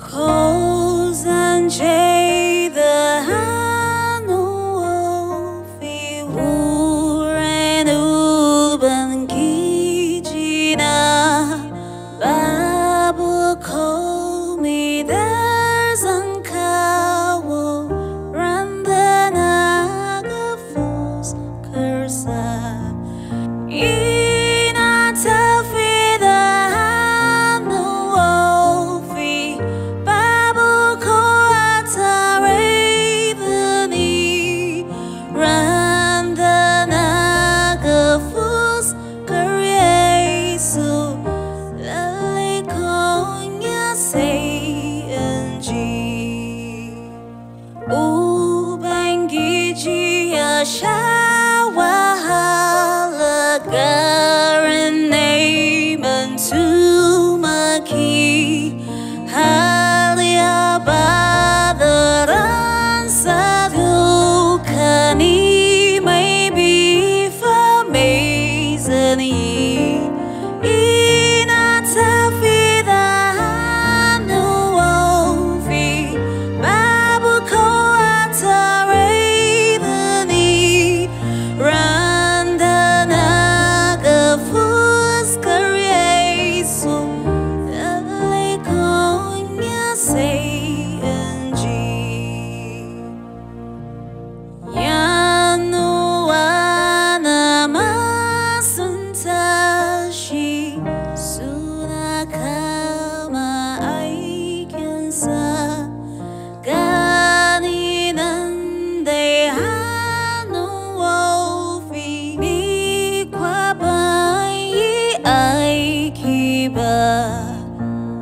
coals and chairs. high.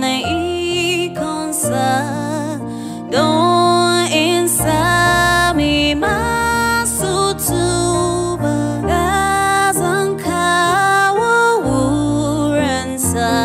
ないコンサート inside me masu tsuba gazan kawo wurin